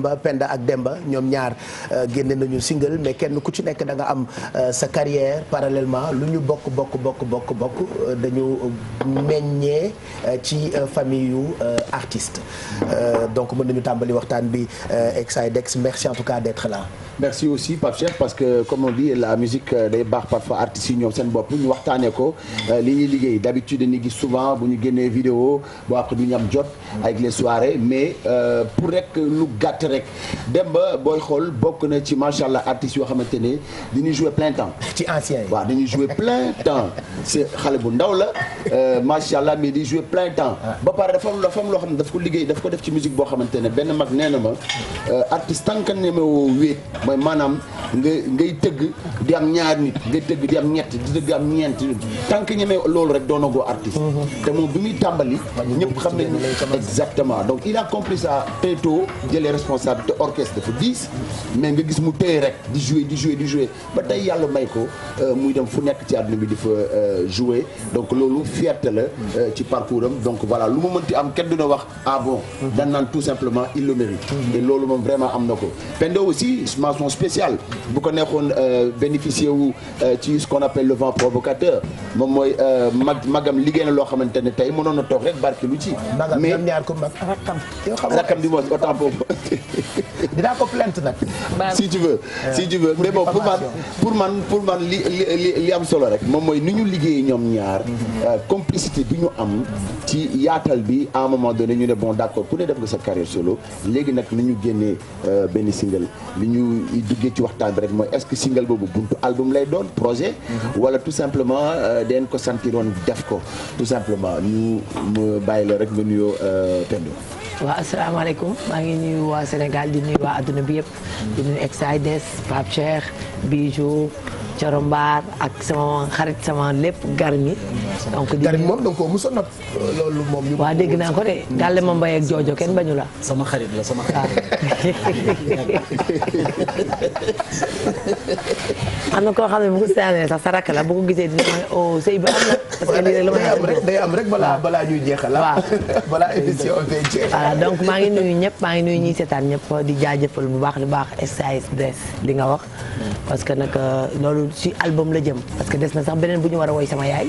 Demba Penda ak Demba ñoom ñaar euh, génne nañu single mais kenn ku ci nekk danga am euh, sa carrière parallèlement lu ñu bokk bokk bokk bokk bokk euh, dañu meññee ci famille yu artiste donc mën nañu tàmbali waxtaan bi Exidex merci en tout cas d'être là merci aussi Pape Cheikh parce que comme on dit la musique day euh, baax parfois artistes yi ñoom seen bopp ñu waxtaanee ko euh, li ñuy liggéey d'habitude dañuy gis souvent bu ñu génnee vidéo boo après du ñu am jot avec les soirées mais euh, pour rek lu gàtt rek dem ba booy xool bokk na ci macha allah artistes yoo xamante ne dañuy jouer plein temps. ci ancien yi waaw dañuy jouer plein temps c'est xale bu ndaw la macha allah mais di jouer plein temps. Ah. ba pare dafa am dafa am loo xam ne daf liggéey daf ko def ci musique boo xamante ne benn mag nee na ma artiste tant que ne mooy maanaam nga ngay tëgg di am ñaar nit ngay tëgg di am ñett di tëgg am ñeent tant que loolu rek doonagoo artiste mm-hmm. te moom bi muy tàmbali ñëpp xam nañu exactement donc il a compris ça très tôt jëlee responsabilité orchestre dafa diis mais nga gis mu téye rek di jouer di jouer di jouer ba tey yàlla may ko euh, muy dem fu nekk ci àdduna bi di fa euh, jouer donc loolu fierté la euh, ci parcours am donc voilà lu mu mënti am kenn duna wax ah bon mm-hmm. dan naan tout simplement il le mm-hmm. loolu moom vraiment am na ko mention spéciale bu ko neexoon euh, bénéficier wu euh, ci ce qu'on appelle le vent provocateur moom mooy euh, mag magam liggéey na loo xamante ne tey mënoon na toog rek barki lu ci. mais ñaar ko mag rakkam. rakkam di mos autant pour dinaa ko plainte nag. si tu veux si tu veux mais bon pour man pour man pour man li li li am solo rek moom mooy ni ñu liggéeyee ñoom ñaar mhm. complicité bi ñu am ci yaatal bi à un moment donné ñu ne bon d'accord ku ne def nga sa carrière solo léegi nag ni ñu génnee benn single li ñu duggee ci waxtaan bi rek mooy est-ce album lay doon projet. wala tout simplement euh, den ko santiroon def ko tout simplement ñu mu bàyyi la rek nga nuyoo euh, Pendo. waaw asalaamaaleykum maa ngi nuyu waa Sénégal di nuyu waa adduna bi yëpp. di nuyu Exides Pape Cheikh Bijou. Coro Mbaar ak sama xarit sama lépp garmi donc garmi moom donc mos a nopp loolu moom. waaw dégg naa ko de ma mbay ak kenn bañu la. sama xarit la sama xarit. am na koo xam ne bu ko saanee sax la bu gisee dina ma oh sëy bi am na. parce rek la ma am rek balaa ñuy jeexal. Ah. waaw balaa donc maa ngi nuyu ñëpp maa ngi nuyu ñuy seetaan ñëpp di jaajëfal bu baax di baax SAS Dress li nga wax hmm. parce nag euh, loolu. si album la jëm parce que des na sax beneen bu ñu war a woy sama yaay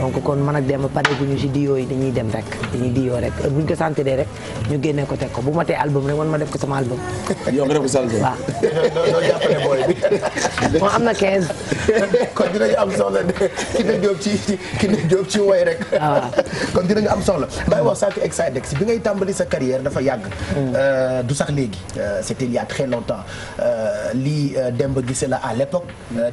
donc kon man ak dem pare bu ñu si diyoo yi dañuy dem rek dañuy diyoo rek bu ñu ko santiree rek ñu génnee ko teg ko bu ma tee album rek man ma def ko sama album yow nga def sa album waaw bi moo am na 15 kon dinañu am ci woy rek waaw kon dinañu am soxla daay ah, wax sànq Exidex bi ngay tàmbali sa carrière dafa yàgg hmm. euh, du sax léegi euh, c'était il y a très longtemps euh, li Demba Guissé la à l'époque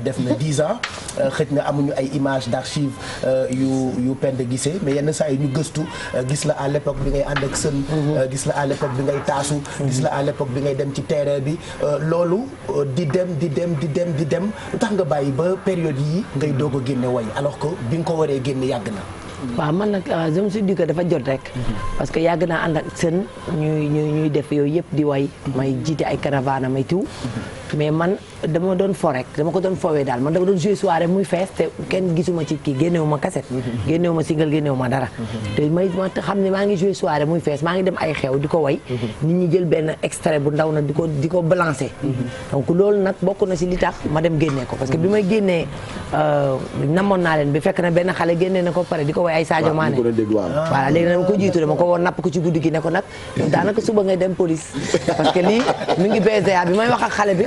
def na 10 ans euh, xëj na amuñu ay images d'archives euh, yu yu Penda Guissé mais yenn saa yi ñu gëstu euh, gis la à l'époque bi ngay ànd ak sën mhm. gis la à l'époque bi ngay taasu mhm. la à bi ngay dem ci terrain bi loolu di dem di dem di dem di dem tax nga bàyyi ba période yi ngay doog a génne way alors ko bi nga ko waree génne yàgg na waa man nag je me suis dit dafa jot rek mhm. parce que yàgg naa ànd ak sën ñuy def yooyu yëpp di way may jiite ay caravane may tiw mais man dama doon fo rek dama ko doon fowee daal man dama doon jouer soirée muy fees te kenn gisuma ci kii génnewuma kaset génnewuma single génnewuma dara te may ma xam ne maa ngi jouer soirée muy fees maa ngi dem ay xew di ko way nit ñi jël benn extrait bu ndaw na di ko di ko balancer donc loolu nag bokk na si li ma dem génnee ko parce que bi may génnee euh, namoon naa leen bi fekk na xale génnee na pare di ko way ay Sadio Mané voilà léegi dama ko jiitu dama ko woon napp ko ci guddi gi ne ko nag daanaka suba ngay dem police parce que lii mi ngi BCA bi may wax ak xale bi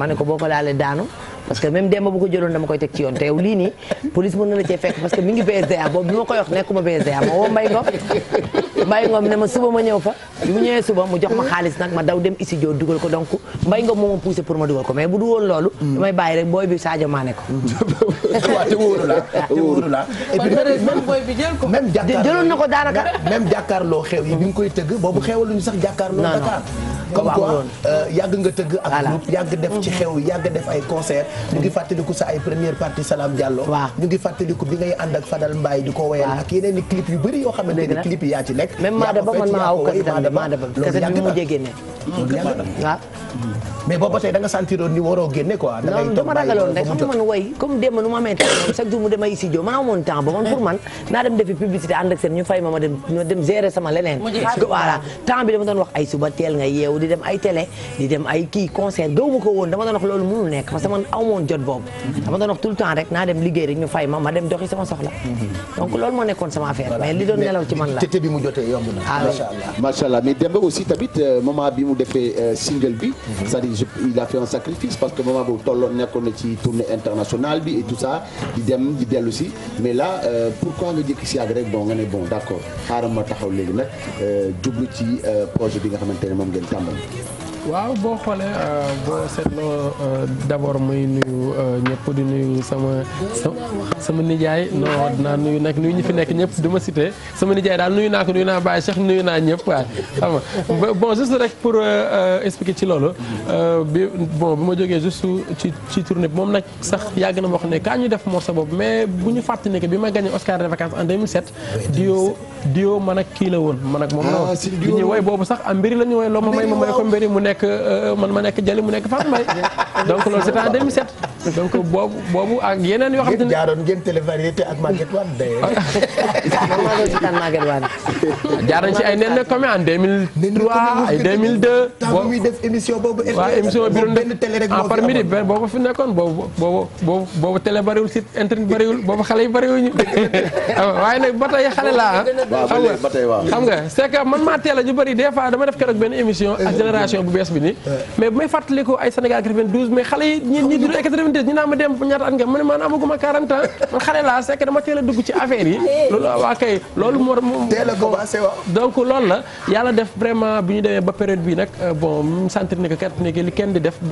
ma ne ko boo ko laalee daanu parce que même Demba bu ko jëloon dama koy teg ci yoon te yow lii nii police mën na la cee fekk parce que mi ngi BSDA boobu bi ma koy wax nekkuma BSDA ma woo Mbaye Ngom Mbaye Ngom ne ma suba ma ñëw fa bi mu ñëwee suba mu jox ma xaalis nag ma daw dem studio dugal ko donc Mbaye Ngom moo ma poussé pour ma dugal ko mais bu du woon loolu damay bàyyi rek booy bi Sadio Mané ko waaw te wóoru la te wóoru la et puis booy bi jël ko même jàkkaarloo jëloon na ko daanaka même jàkkaarloo xew yi bi nga koy tëgg boobu xewaluñu sax jàkkaarloo Dakar comme quoi euh, yàgg nga tëgg ak groupe yàgg def ci mhm. xew yàgg def ay concert ñu ngi mhm. fàttaliku sa ay première partie Salam Diallo ñu ngi fàttaliku bi ngay ànd ak Fadal ko woyal ak yeneen i clip yu bëri yoo xamante ne clip yi yaa ci nekk même maa daba man maa aw bi mu mujjee génne waaw mais booba tey da nga sentiroon ni waroo génne quoi da ngay toog ma ragaloon rek xam comme démb nu ma temps moom man amoon temps ba man pour man naa dem defi dem ma dem sama leneen voilà temps bi dama doon wax ay suba teel nga yeewu di dem ay télé di dem ay kii concert gëw ko woon dama doon wax loolu mënul nekk parce que man aw moon jot boobu dama doon wax tout le temps rek naa dem liggéey rek ñu fay ma dem doxi sama soxla donc loolu moo nekkoon sama affaire mais li doon nelaw ci man la tëte bi mu jotee yomb na ah macha allah euh, euh, mhm. parce que moment boobu tolloon nekkoon na ci tournée internationale bi et tout ça di dem di dellu si mais là euh, pourquoi nga jëkk si yàgg rek bon nga ne bon d'accord xaaral ma taxaw léegi nag jublu ci projet bi nga xamante ne moom ngeen tàmbali waaw boo xoolee euh, boo seetloo euh, d'abord muy nuyu euh, ñëpp di nuyu sama sama nijaay non dinaa nuyu nag nuyu ñu fi nekk ñëpp du ma cité sama nijaay daal nuyu naa ko nuyu naa Baye Cheikh nuyu naa ñëpp waaye xam nga boo juste rek pour expliquer ci loolu bi bon bi ma jógee juste ci ci tournée bi moom nag sax yàgg na boo xam ne kaa ñu def sa boobu mais bu ñu fàtte ne bi ma gagné Oscar de vacances en 2007 dio diwo man ak kii la woon man ak moom la ah, woon bi ñuy woy boobu sax am mbiri la mu nekk euh, man ma nekk jali mu nekk Fatou Mbaye donc loolu c'était en 2007 donc boobu ak yeneen yoo xam ne jaaroon ngeen télévariété ak Maguette Wade day jaaroon ci ay nen nag comme en 2003 ay 2002 temps boobu bi doon def en par midi boobu fi nekkoon boobu boobu boobu boobu télé bariwul site internet bariwul boobu xale yi bariwuñu waaye nag ba xale laa ah. waaw ba xam nga c'est man maa teel a ñu bëri dama def keroog benn émission ak génération bu bees bi nii mais bu may fàttaliku ay Sénégal mais xale yi ñi ñi la yàlla def vraiment bu ñu demee ba période bi nag euh, bon mu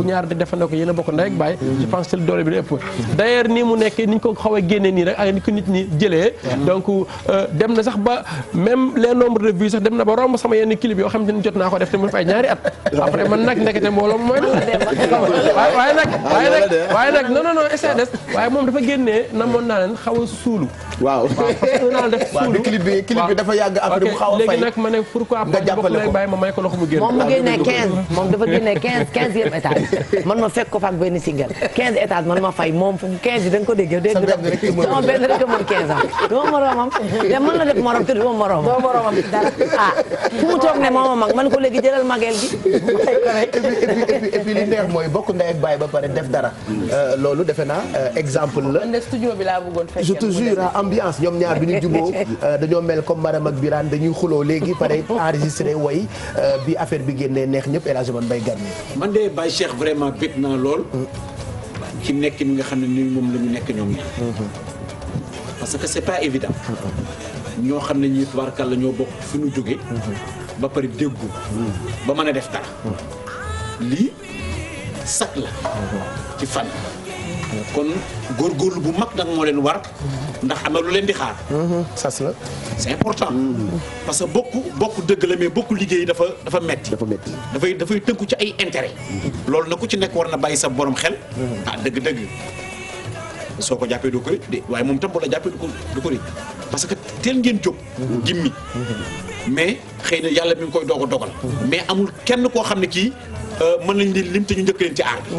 ñaar di ko yéen a bokk ndey ak baay je pense que doole bi la ëpp d'ailleurs nii mu nekk ni ñu ko xaw a nii rek ak ni ko nit ñi jëlee donc euh, dem na sax ba même les nombres de vues sax dem na ba romb sama yenn clip yoo xam ne jot naa ko def te mu fay ñaari at après man nag ndekete mbooloo mooy waaye waaye waaye nag waaye nag non non non SDS waaye moom dafa génnee namoon naa leen xaw a suulu waaw waaw def suulu clip bi clip bi dafa yàgg après mu xaw a fay léegi nag ma ne pourquoi nga jàppale ko bàyyi ma may ko loxo mu génn moom mu génnee 15 moom dafa génnee 15 15e étage man ma fekk ko fa ak benn single 15 étage man ma fay moom 15 yi da nga ko dégg dégg sama benn rek moom 15 ans duma moromam te mën na def morom te duma moromam duma moromam dara ah fu mu toog ne mooma mag man ko léegi jëlal mageel bi et puis li neex mooy bokk ndey ak baay ba pare def dara euh, loolu defe naa euh, exemple la studio bi laa bëggoon fekk je te jure ambiance ñoom ñaar bi ñu juboo euh, dañoo mel comme Maram ak Birane dañuy xuloo léegi pare enregistré euh, affaire bi génnee neex ñëpp El Hadj Mbaye Garnier man de Baye Cheikh vraiment bég naa lool ci nekk mi nga xam ne ni moom la ñu nekk ñoom ñaar parce que c'est pas évident ñoo xam ne ñii tubaarkàlla ñoo bokk fi ñu jóge ba pare déggu ba mën a def dara lii sac la ci fan kon góorgóorlu bu mag nag moo leen war ndax am na lu leen di xaar. Mhm, sas la. c'est important. parce que bokk bokku dëgg la mais bokku liggéey dafa dafa metti dafa metti dafay dafay tënku ci ay intérêt. loolu na ku ci nekk war na bàyyi sa borom xel. Mhm. ah dëgg-dëgg soo ko jàppee du ko it waaye moom tam bu la jàppee du ko du ko parce que teel ngeen jóg. gimmi mais xëy na yàlla mi ngi koy doog a dogal. mais amul kenn koo xam ne kii euh, mën nañ leen lim te ñu njëkk leen ci aar bi.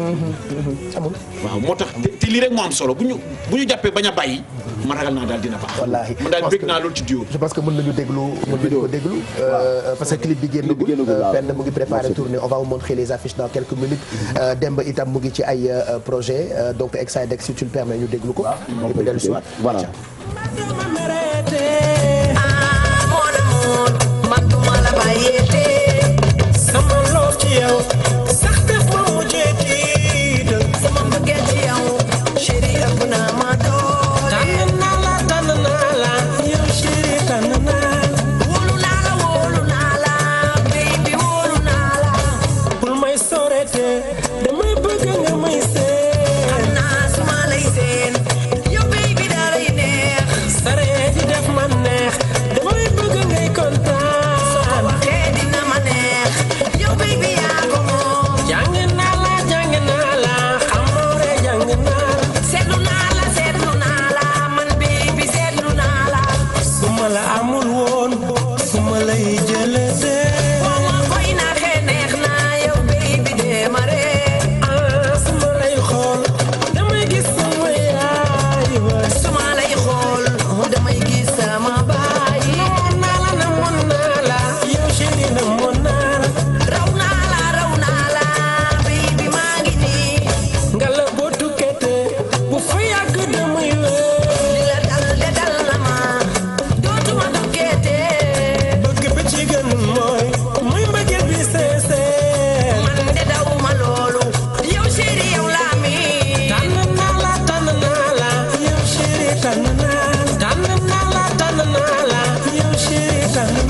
amul waaw moo tax te lii rek moo am solo bu ñu bu ñu jàppee bañ a bàyyi. ma ragal naa daal dina baax. wallaahi man daal bëgg naa loolu ci diwo. je pense que mën nañu déglu. mën nañu ko déglu. Euh, euh, parce que clip bi génnagul benn mu ngi préparé tournée on va vous montrer les affiches dans quelques minutes. Mhm. Demba itam mu ngi ci ay projet donc Excidex si tu le permets ñu déglu ko. waaw moom yow la amour 想。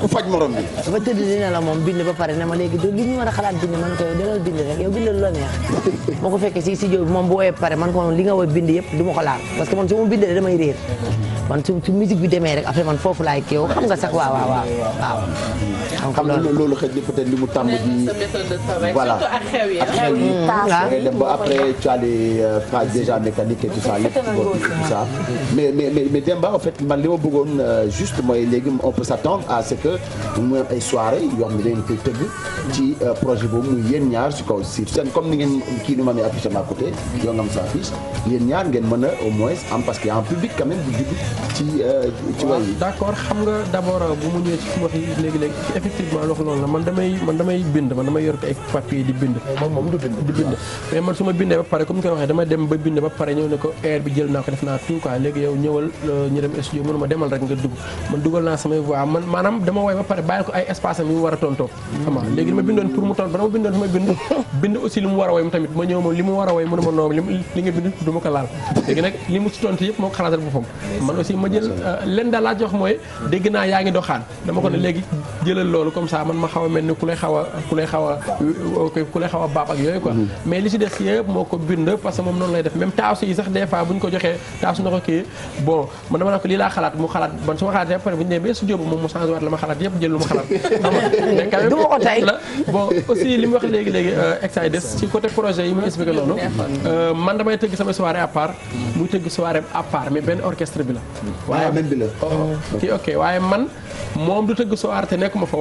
ku faj morom bi dafa tëdd di la moom bind ba pare ne ma léegi do li ñu war a xalaat bind man ko yow dalal bind rek yow bindal lu la neex moo ko fekkee si studio bi moom bu woyee pare man ko moom li nga woy bind yëpp du ma ko laal parce que man su ma bindee damay réer man su musique bi demee rek après man foofu laay kii yow xam nga sax waaw waaw waaw waaw xam nga loolu xëy na peut-être li mu tàmm di. voilà ak xew mm, ba après tu as les euh, phrases déjà mécaniques et tout ça lépp tout ça mais mais mais Demba en fait man li ma bëggoon euh, juste mooy léegi on peut s'attendre à que mu am ay soirée yoo xam ne dañu koy ci euh, projet boobu muy yéen ñaar su kaw si seen comme ni ngeen kii ni ma amee affiche ma côté yoo nga am sa affiche yéen ñaar ngeen mën a au moins am parce que en public quand même bu jublu ci ci d'accord d'abord bu mu ñëwee ci fi mu wax effectivement loxo noonu la man damay bind man damay yor ko ay oh, di bind. mais man su bindee ba pare comme ni koy waxee dama dem ba bind ba pare ñëw ne ko air bi jël naa ko def naa tout léegi yow euh, a tontoo xam nga li mu a a woy si tontu yëpp moo xalaatal boppam man aussi ma jël euh, leen daal laa jox mooy dégg naa yaa ngi doxaan dama ko ne léegi jëlal loolu comme ça man ma xaw a mel ni ku lay xaw a ku lay xaw euh, baab ak yooyu quoi mm-hmm. mais li ci des yëpp moo ko bind parce moom noonu lay def même taasu yi sax des fois bu ñu ko joxee taasu na ko kii man damay tëgg sama soirée à part tëgg soirée à mais benn orchestre bi la waaye benn oh, waaye man moom du tëgg soirée te nekkuma fa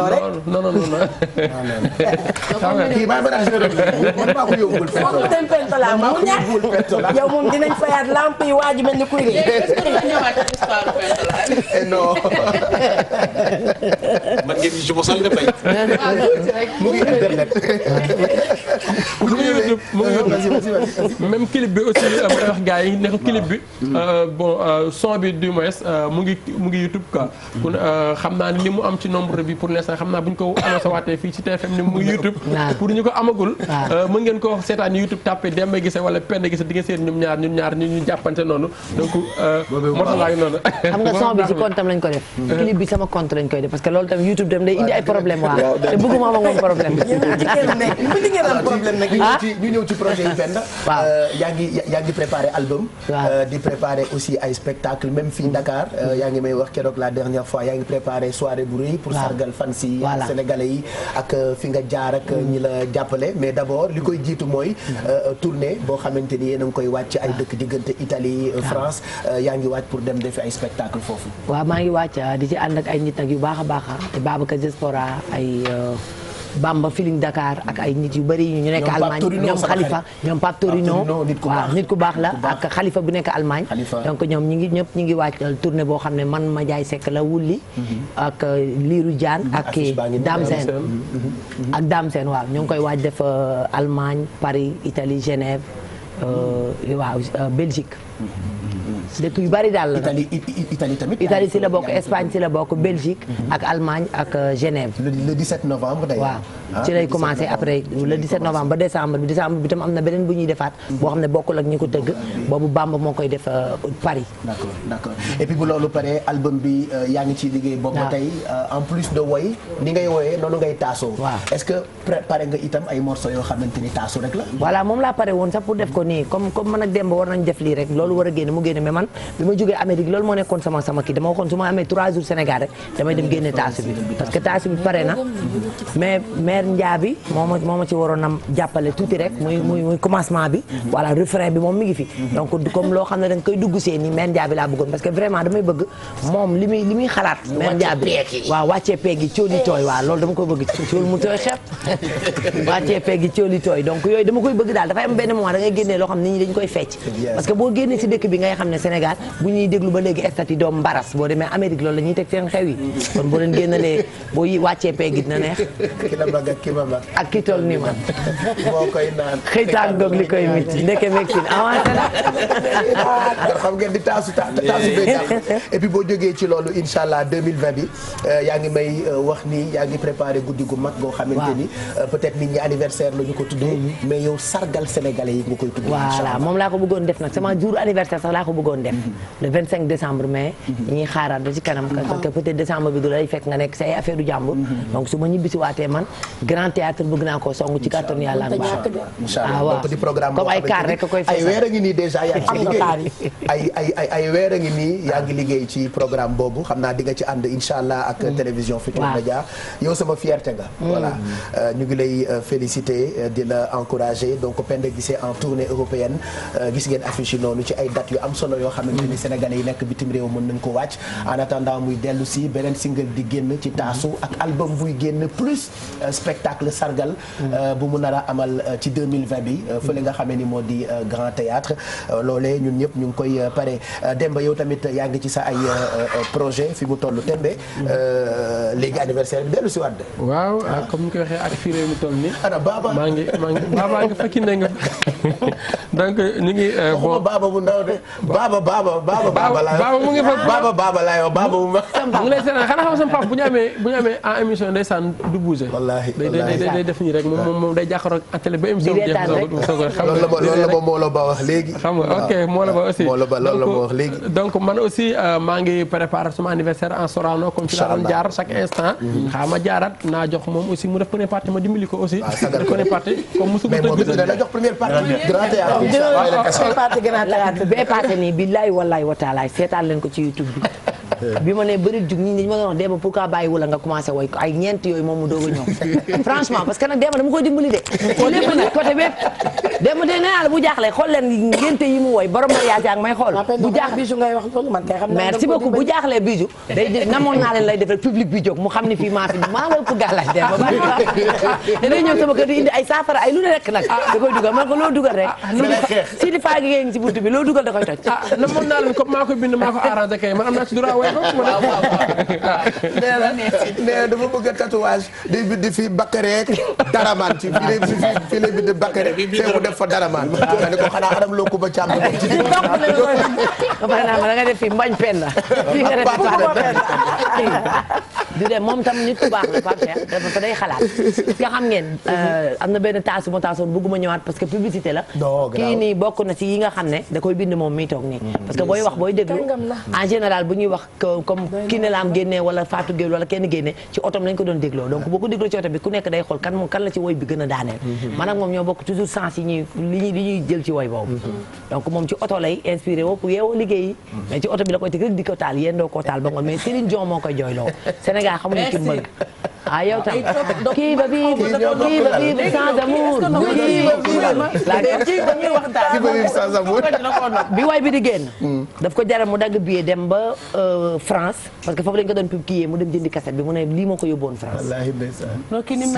kilo rek non non non non kii maa ngi bëri man maa ko yóbbul moom dem pentola mu ñàkk yow moom dinañ fayaat lamp yi waa ji mel ni kuy rek eh, non man ngeen ñu ci mosal mu ngi internet même clip bi aussi euh, may wax gars yi ne ko clip bi hmm. euh, bon euh, son bi du moins mu ngi mu YouTube quoi hmm. xam naa ni li mu am ci nombre sax xam naa bu ñu ko annoncé euh, mu ngeen ko seetaan YouTube tàppe Demba Guissé wala Penda Guissé di nga seen ñoom ñaar ñun ñaar ñu ñu jàppante noonu donc euh, moo noonu xam nga son bi ci compte lañ ko def hmm. clip bi sama compte lañ koy def parce que loolu tam YouTube tam day indi ay problème waaw te bëgguma am ak problème ah? ñu ñëw ci projet yi Penda waaw euh, yaa ngi yaa album di préparé aussi ay spectacle même fii Dakar yaa ngi may wax keroog la dernière artistes yi. voilà sénégalais yi ak euh, fi nga jaar ak euh, ñi jàppale mais d'abord li koy jiitu mooy euh, tournée boo xamante ni yéen a ngi koy wàcc ay dëkk diggante Italie ah. France yaa ngi wàcc pour dem defi ay spectacle foofu. waaw maa ngi wàcc ah, di ci ànd ak ay yu baax a baax ah, te Babacar Diaspora ay. Bamba Feeling Dakar ak ay nit yu bëri ñu nekk Allemagne ñoom Khalifa ñoom Pape Torino waaw nit ku baax la ak xalifa bu nekk Allemagne donc ñoom ñi ngi ñëpp ñu ngi wàccal tournée boo xam ne man ma jaay sekk la wulli mm-hmm. ak euh, Liiru Jaan ak Dame Sène mm-hmm. ak Dame Sène waaw ñoo ngi koy waaj def euh, Allemagne Paris Italie Genève euh, waaw Belgique mm-hmm. dëkk yu bari daal la Italie Italie tamit. Italie si la bokk Espagne si la bokk Belgique. Mhm. ak Allemagne ak euh, Genève. le 17 novembre d'ailleurs. waaw. Ah, ci lay commencé après le 17 novembre ba décembre bi décembre bi tam am na beneen bu ñuy defaat mhm. boo xam ne bokkul ak ñi ko tëgg boobu Bamba moo koy def euh, Paris d'accord d'accord loolu bi euh, yaa ngi ciy liggéey boobu tey euh, en plus de woy ni ngay woyee noonu ngay taasoo waaw est-ce que pare nga itam ay la moom laa pare woon sax pour def ko nii comme comme man ak war a génn mu génn mais man bi ma jógee Amérique loolu moo nekkoon sama sama kii dama waxoon su ma amee trois jours Sénégal rek damay dem génne taasu bi pare na mais mère Ndiaby moo ma moo ma ci waroon a jàppale tuuti rek muy muy muy commencement bi voilà refrain bi moom mi ngi fi donc comme loo xam ne da nga koy dugg seen ni mère Ndiaby laa bëggoon parce que vraiment damay bëgg moom li muy li muy xalaat mère Ndiaby waaw wàccee peeg yi cooli tooy waaw loolu dama koy bëgg cool mu tooy xepp wàccee peeg yi cooli tooy donc yooyu dama koy bëgg daal dafay am benn moment da ngay génnee loo xam ne nit ñi dañ koy fecc parce que boo génnee si dëkk bi ngay xam ne Sénégal bu ñuy déglu ba léegi stati doom mbaras boo demee Amérique loolu la ñuy teg seen xew yi kon boo leen génnalee boo wàccee peeg yi dina neex nga ak ki toll ni man moo koy naan xëytaan goog li koy mit ndeke mekkin avancé na boo jógee ci loolu incha allah 2020 bi euh, yaa ngi may euh, wax ni yaa ngi préparé guddi gu mag goo xamante ni euh, peut-être nit ñi anniversaire la ñu ko tuddee mm-hmm. mais yow sargal sénégalais yi nga koy tuddee voilà moom laa ko bëggoon def nag sama jour anniversaire sax laa ko bëggoon def mm-hmm. le 25 décembre mais mm-hmm. ñuy xaaraat ba ci kanam ah. parce que peut-être décembre bi du lay fekk nga nekk say affaire du su ma ñibbisi waatee man grand théâtre bëgg naa koo song ci kàttanu yàlla ak ah, a ngi nii déjà yaa ngi liggéey ay ay ay ay weer a liggéey ci programme boobu xam naa di nga ci ànd insha allah ak mm. télévision Futurs Médias yow sama fierté nga mm. voilà euh, ñu ngi lay euh, féliciter euh, di la encourager donc Penda Guissé en tournée européenne gis ngeen affiche yi noonu ci ay dates yu am solo yoo xam xamante ni mm. sénégalais yi nekk bitim réew mën nañ ko wàcc en attendant muy dellu si beneen single di génn ci taasu ak album buy génn plus spectacle sargal mm. euh, bu mu nar a amal euh, ci 2020 bi euh, fële mm. nga xamee ni moo di Grand Théâtre loolee ñun ñëpp ñu ngi koy pare Demba yow tamit yaa ngi ci sa ay projet fi mu toll tembe mm. léegi anniversaire bi dellu si waat waaw ah, comme ni ko waxee ak fii mu toll nii ana baaba maa ngi maa ngi baaba nga fakki ne nga ngi bon baaba bu ndaw de baaba baaba baaba baaba laa baaba mu ngi fa baaba baaba laa baaba mu ma mu ngi lay seetaan xanaa xam sama papa bu ñu amee bu ñu amee day def nii rek moom moom day jàkkaaroo ak ba émission bi jeex loolu la ba loolu la ba Mawla Ba wax léegi. xam nga ok Mawla Ba aussi Mawla Ba loolu la ma wax léegi. donc man aussi euh, maa ngi préparé sama anniversaire en Sorano comme ci laa jaar chaque instant. Mhm. xaaral ma jaaraat naa jox moom mu def première partie ma dimbali ko aussi. waaw ah, sagar ko comme mosu ko mais bi waaw waaw première partie wa taalaay seetaan leen ko ci YouTube bi. bi ma nee bëri jug ñi dañu ma doon wax Demba pourquoi bàyyiwu la nga commencé woy ay ñeent yooyu moom mu doog a franchement parce que nag Demba dama mu woy borom mariage ak public bi jóg mu xam ne fii maa fi maa la ko gàllaaj Demba danay ñëw sama kër di indi ay saafara ay lu ne rek nag ah. da koy dugal man ko loo dugal rek si di faa ngi ci buntu bi loo dugal da koy toj ah, na moon naa leen comme maa ko bind maa ko arrangé kay man am naa ci droit nee dafa bëgg a tatouage day bind fii Bakare daraman ci fii lay fii lay bind Bakare te def fa daraman ma ne ko xanaa adam loo ko ba càmm ko ci biir ba pare ma da nga def mbañ penn du dem moom tam nit ku baax la Pape dafa ko day xalaat nga xam ngeen mhm. euh, am na benn taas bu ma taasoon bëgguma ñëwaat parce que publicité la kii nii bokk na ci yi nga xam ne da koy bind moom mi toog nii mhm. parce que booy wax booy déglu en général bu ñuy wax comme kii ne laam génnee wala Fatou Gueye wala kenn génne ci otom ko doon dégloo donc boo ko dégloo ci oto bi ku moom kan la ci woy bi gën a mhm. jël ci woy boobu donc moom ci oto lay inspiré woo pour yeewoo liggéey mais ci oto bi la koy teg di ko taal yéen Sénégal xamuñu ki mu bëgg. ah yow tam kii ba bii kii ba bii sans amour kii bi waay bi di génn. daf ko jaral mu dagg billet dem ba euh, France parce que foofu dañu ko doon pub kii mu dem jëndi cassette bi mu ne lii moo ko yóbboon France.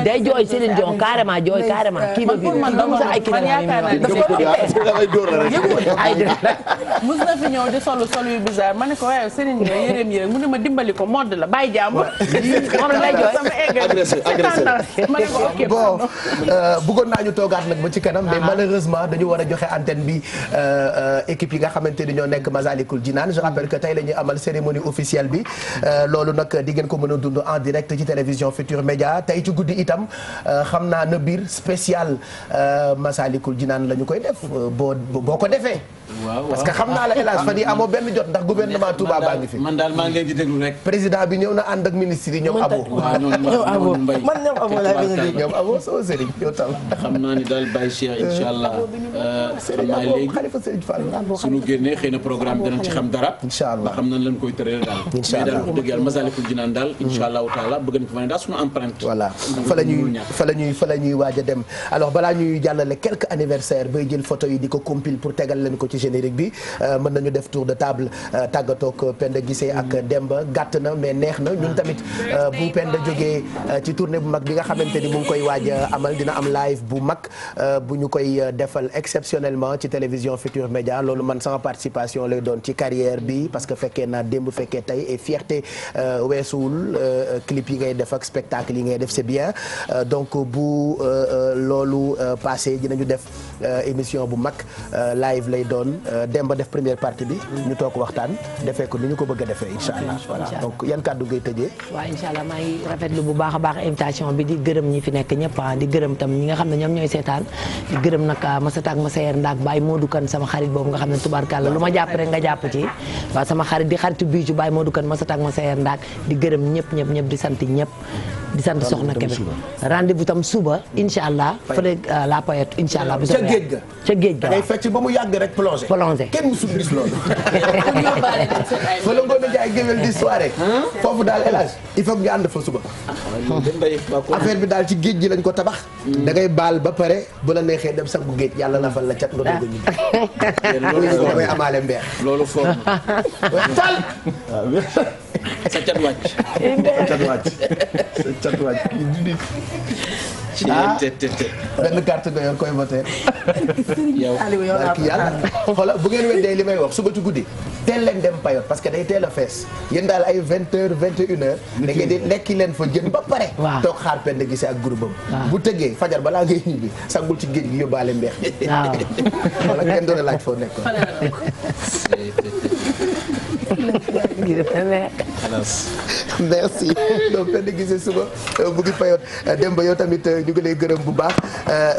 day jooy Céline Dion carrément jooy carrément kii ba bii man man kii mus na fi ñëw di solu solu mu ne ma dimbali ko mode la bàyyi bon bëggoon naa ñu toogaat nag ba ci kanam mais malheureusement dañu war a joxe antenne bi euh, équipe yi nga xamante ni ñoo nekk Masalikul Jinaan je rappelle que tey la ñuy amal cérémonie officielle bi euh, loolu nag di ngeen ko mën a dund en direct ci télévision Futur Média tey ci guddi itam euh, xam naa na biir spécial Masalikul ji naan lañu koy def boo boo ko defee parce que xam naa la El ah, Hadj fan amoo benn jot ndax gouvernement Touba baa fi. président bi ñëw na ànd ak ministre yi ñoom abo. ñoom abo man ñoom abo a dégg ñoom abo soo sëriñ ñoo tam. xam naa ni daal Baye Cheikh incha allah. Euh, xam naa léegi xalifa Sëriñ na programme danañ Jinaan daal. incha mm-hmm. allahu taala bëgg nañ ko a daal suñu empreinte. voilà fa la ñuy fa la ñuy a dem alors balaa ñuy jàllale quelques anniversaire bay jël photo yi di ko compile pour tegal leen ko ci générique bi euh, mën nañu def tour de table euh, tàggatoog Penda Guissé ak Demba gàtt na mais neex na ñun tamit euh, bu Penda jógee ci tournée bu mag bi nga xamante ni mu ngi koy waaj amal dina am live bu mag bu ñu koy defal exceptionnellement ci télévision Futur Média loolu man sama participation lay doon ci carrière bi parce que fekkee naa démb fekkee tey et fierté weesuwul clip yi ngay def ak spectacle yi ngay def c'est bien donc bu loolu passé dinañu def émission bu mag doon euh, Demba def première partie bi. ñu toog waxtaan defee ko ni ñu ko bëgg a defee incha allah. voilà donc yan kàddu ngay tëjee. waaw incha allah maa ngi bu baax baax invitation bi di gërëm ñi fi nekk ñëpp ah, di gërëm tam ñi nga xam ne ñoom ñooy seetaan di gërëm nag ah, Masata ak Masayer Ndak Baye Modou Kane sama xarit boobu ne tubaarkàlla lu ma jàpp rek nga jàpp ci waaw sama xarit di xaritu bii ju Baye Modou Kane Masata ak ñëpp ñëpp ñëpp di sant ñëpp di sant soxna Kébé rendez-vous tam suba incha allah fële euh, la poète incha allah. ca géej ga ca géej ga waaw day fecc ba mu prolongé prolongé kenn musul gis loolu. fa la Ngoné Ndiaye géwél di soirée. foofu daal El il faut que ànd fa suba. affaire bi daal ci géej gi lañ ko tabax. Hmm. da ngay baal ba pare bu la neexee dem sangu géej yàlla na fal la cat nga doog a ñibbi. Ah. loolu foofu damay amaale mbeer. sa cat wàcc. sa cat wàcc sa cat ah benn carte nga yor koy voté. yow barki yàlla xoolal bu ngeen weddee li may wax suba ci guddi teel leen dem payoot parce que day teel a fees yéen daal ay vingt heures vingt et une heures. di lekki leen fa jën ba pare. toog xaar pend gisee ak groupe bu tëggee fajar balaa ngay ñibbi sangul ci géej gi yóbbaale mbeex. waaw xoolal kenn doon foo nekkoon. gi dafa neex. merci donc kenn gisee suba bu euh, ngi fayoon euh, Demba yow tamit euh, ñu ngi lay gërëm bu baax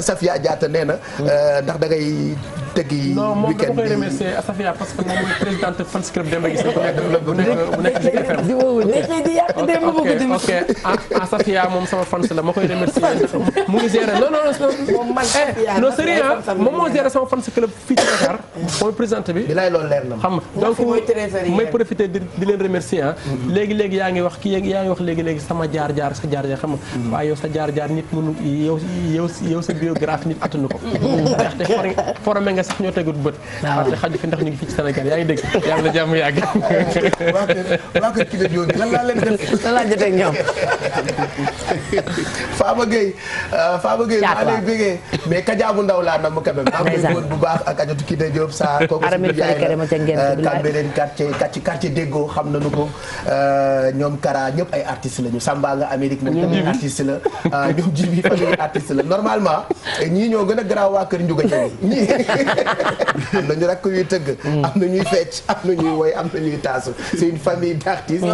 Safia Diatta nee na. Mm. ndax dangay tegi. weekend bi non moom dama koy remercier Asafia parce que moom mooy présidente fan club Demba Gis. bu nekk bu nekk Zik FM. ok ok Asafia moom sama fan la ma koy remercier mu ngi gérer non non non. non eh, sérieux moom moo gérer sama fan club fii ci Dakar. Mm. mooy présidente bi. bilaay loolu leer na xam nga donc may profiter di leen remercier ah. Mm-hmm. léegi léegi yaa ngi wax kii yaa ngi wax léegi léegi sama jaar jaar sa jaar jaar xam nga. Mm-hmm. waaye yow sa jaar jaar nit mënu yow yow yow sa biographie nit attanu ko. Mm-hmm. ndaxte formé nga ña sax ñoo tegut bët. waaw ah. te xaju fi ndax ñu ngi fi ci Sénégal yaa ngi dégg yàlla na jàmm yàgg. waa kër waa kër Kibet Diop lan laa leen def lan laa jotee ak ñoom. Faba Gueye. Euh, Faba Gueye maa lay bëggee mais Kaja bu ndaw laa nam quand même. maa ngi koy bu baax ak ajatu Kibet Diop saa. kooku suñu jaay la Cambérène euh, quartier quartier déggoo xam nañu ko euh, ñoom Kara ñëpp ay artistes lañu Samba nga Amérique moom tamit artiste la ñoom Jibi fan artiste la normalement ñii ñoo gën a garaaw waa kër Ndiouga Ndiaye ñii. am nañu rakk yuy tëgg am na ñuy fecc am na ñuy woy am na ñuy taasu c'est une famille d'artistes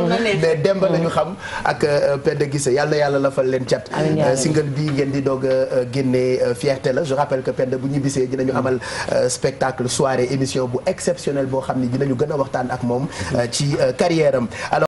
mais demba lañu xam ak euh, Penda Guissé yàlla yàlla la fal leen cat euh, single bii ngeen di doog a euh, génne fierté la je rappelle que Penda bu ñibbisee dinañu amal spectacle soirée émission bu exceptionnel boo xam ne dinañu gën a waxtaan ak moom ci carrière